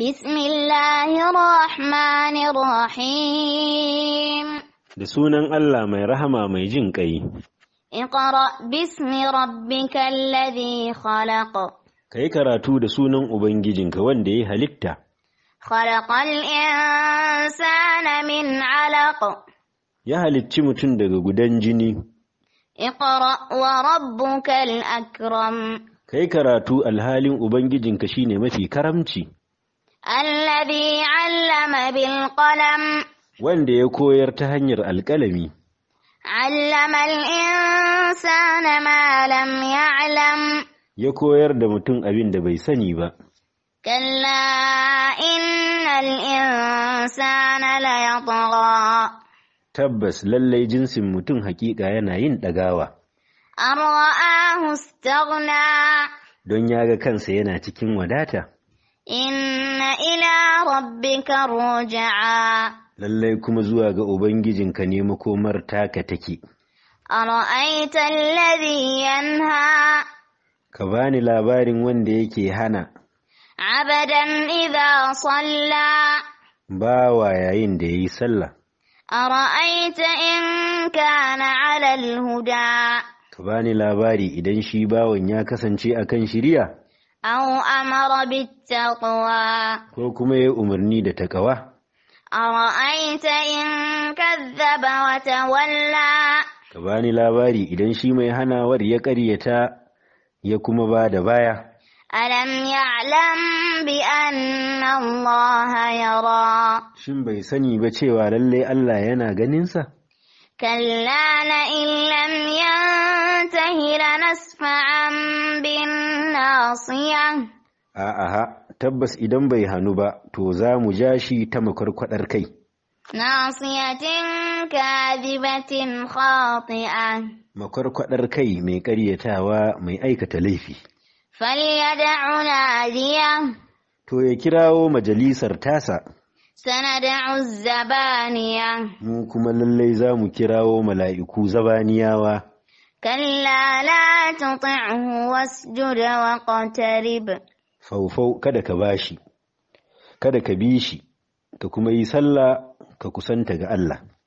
بسم الله الرحمن الرحيم لسونا الله ما رحمة ما يجن كي اقرأ باسم ربك الذي خلق كي كراتو لسونا أبنجي كواندي هلكتا خلق الإنسان من علق يا هلتشي متن دغ غدان جني اقرأ وربك الأكرم كي كراتو الهالين أبنجي شيني ما في كرمتي Allazi 'allama bil qalam wanda ya koyar ta hanyar alƙalami. 'Allama al na malam ya ya koyar da mutum abin da bai sani ba. Kalla innal insana la yatgha Tabbas lallai jinsin mutum hakika yana yin ɗagawa. An ra'ahu Don ya ga kansa yana cikin wadata. In Rabbi rabbika الرجعى lallai kuma zuwa ga Ubangijinka ne makomar taka take. Ara'aita alladhi yanha Ka bani labarin wanda yake hana. Abadan idha salla Bawa yayin da yayi sallah. Ara'aita in kana 'ala al-huda Ka bani labari idan shi bawan ya kasance akan shiriya. Au Amar Bitta Ko kuma ya umarni da takawa ƙawa? A ra'ayinta in ka zaba wata Ka bani labari idan shi mai hana war ya ƙaryata ya kuma ba da baya. A lamya lambi, annalluha ya ra. Shin bai sani ba cewa lallai Allah yana ganinsa? Kalla na illa. عصيا a'a tabbas idan bai hannu ba to za mu ja shi ta makwarkwadar kai nasiyatin kadibatin khati'a makwarkwadar kai mai ƙaryatawa mai aikata laifi falyad'u nadiya to ya kirawo majalisar tasa sanad'u zabaniya mu kuma lallai za mu kirawo mala'iku zabaniyawa كلا لا تطعه واسجد واقترب Faufau kada ka bashi kada ka bi shi ka kuma yi sallah ka kusanta ga Allah